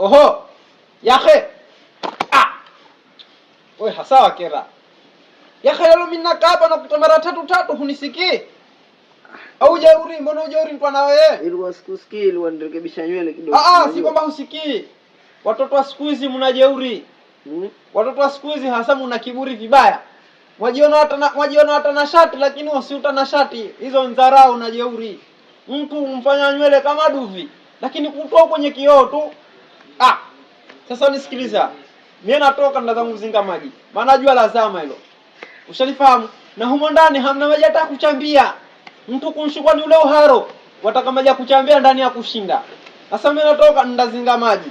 oho yaxe ah we hasawa kera yaxe yalo minna kapa nakuta mara tatu tatu hunisiki au jeuri mbona ujeuri mtwana nirekebisha ah, ah si kwamba husikii watoto wa siku hizi mna jeuri hmm? watoto wa siku hizi hasa mna kiburi vibaya mwajiona hata na shati lakini usiuta na shati hizo nzarau na jeuri mtu umfanya nywele kama duvi lakini kutoa kwenye kioo tu Ah, sasa unisikiliza, mimi natoka ndo zangu zinga maji, maana jua lazama hilo, ushalifahamu. Na humo ndani hamna maji hata kuchambia, mtu kumshukwa ni ule uharo, wataka maji ya kuchambia ndani ya kushinda. Sasa mimi natoka zinga maji,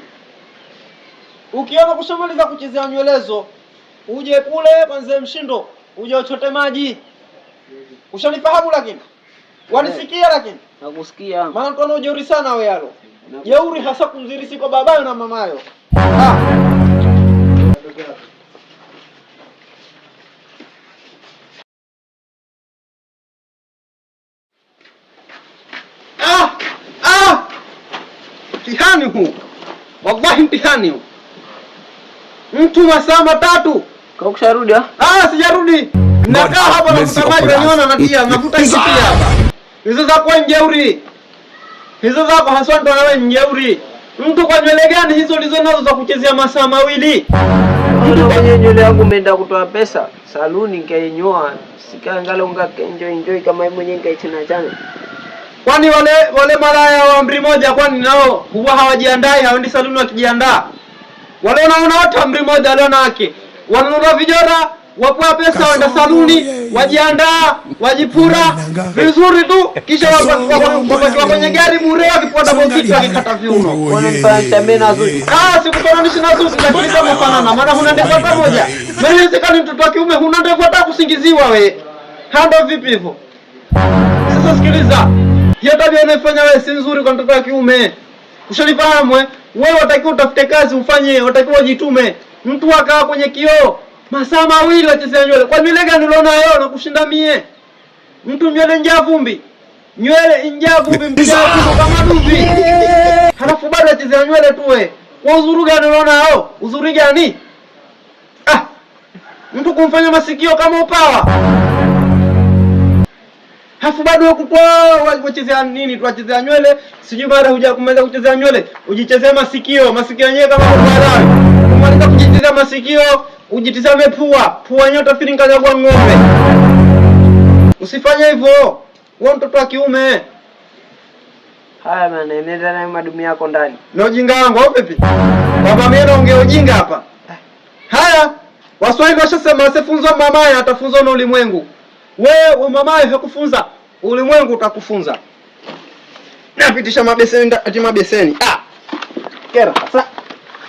ukiona kushamaliza kuchezea nywelezo, uje kule kwanza mshindo, uje uchote maji, ushanifahamu. Lakini eh. wanisikia, lakini nakusikia, maana tunaona ujeuri sana wewe yalo jeuri hasa kumzirisi kwa babayo na mamayo ah. Ah. Ah. Mtihani huu wallahi, mtihani huu mtu masaa matatu kakusharudi. Ah? ah, sijarudi nakaa hapa na mtamaji, unaniona natia navuta kitu hapa, hizo za kwa jeuri hizo zako haswa, ndo wewe mjeuri. Mtu kwa nywele gani hizo ulizo nazo za kuchezea masaa mawili? kwenye nywele yangu umeenda kutoa pesa saluni, nikainyoa unga enjoy enjoy kama mwenye nikaichana chana. Kwani wale wale malaya wa amri moja, kwani nao huwa hawajiandai? Hawendi saluni wakijiandaa wale, wanaona wote amri moja, wale wanawake wanunua vijora wapoa pesa waenda saluni, wajiandaa, wajipura vizuri tu, kisha wapakiwa kwenye gari bure, wakipanda bokiti, wakikata viuno. Sikufananisha na Zuchu, lakini kama fanana, maana huna ndevu hata moja. Mnawezekana mtoto wa kiume huna ndevu hata kusingiziwa we, hando vipi hivyo? Sasa sikiliza, hiyo tabia unaifanya wewe si nzuri kwa mtoto wa kiume, ushalifahamu? Wewe watakiwa utafute kazi ufanye, watakiwa ujitume. Mtu akawa kwenye kioo masaa mawili wachezea nywele. Kwa nywele gani unaona na kushinda mie? Mtu nywele njia vumbi, nywele njia vumbi, mjaa kama duvi, halafu bado wachezea nywele tu wewe. Kwa uzuri gani unaona leo? Uzuri gani? Ah, mtu kumfanya masikio kama upawa, halafu bado wakutoa wachezea nini? Tuwachezea nywele sijui, baada huja kumaliza kuchezea nywele ujichezea masikio, masikio yenyewe kama upawa. Kumaliza kujichezea masikio Ujitizame pua, pua nyota firi nkanyagwa ng'ombe. Usifanye hivyo. Wewe mtoto wa kiume. Haya bana, endelea na madumu yako ndani. Na ujinga wangu au vipi? Baba mimi naongea ujinga hapa. Haya, Waswahili washasema asifunzwa mamaye atafunzwa na ulimwengu. Wewe mamaye hakufunza, ulimwengu utakufunza. Napitisha mabeseni, ati mabeseni. Ah. Kera, sasa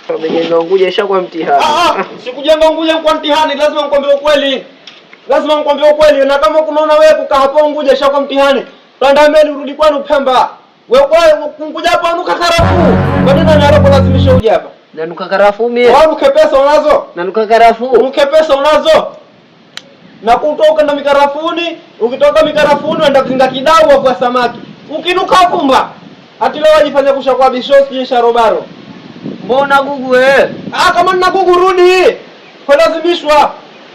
Kujenga Unguja ishakuwa mtihani. Ah, ah sikujenga Unguja kwa mtihani, lazima nikwambie ukweli. Lazima nikwambie ukweli na kama kunaona wewe kukaa hapo Unguja ishakuwa mtihani. Panda mbele urudi kwenu Pemba. Wewe kwa Unguja hapo unuka karafu. Kwa nini nani anakulazimisha uje hapa? Na nuka karafu mie. Wewe unuke pesa unazo? Na nuka karafu. Unuke pesa unazo? Na kutoka na mikarafuni, ukitoka mikarafuni unaenda kuzinga kidau kwa samaki. Ukinuka kumba. Hati leo wajifanya kushakuwa bishosi jeshi robaro. Mbona gugu we? Ah, kama nina gugu rudi. Kwa lazimishwa.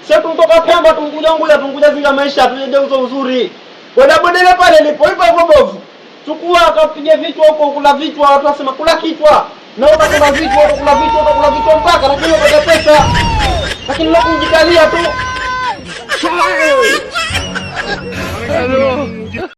Sasa tunatoka Pemba tunguja nguja tunguja zinga maisha tuende uzo uzuri. Boda bodele pale lipo hivyo hivyo bovu. Chukua akapiga vichwa huko kula vichwa watu wasema kula kichwa. Na wewe kula vichwa huko kula vichwa huko kula vichwa mpaka lakini unapata pesa. Lakini leo kujikalia tu. Hello.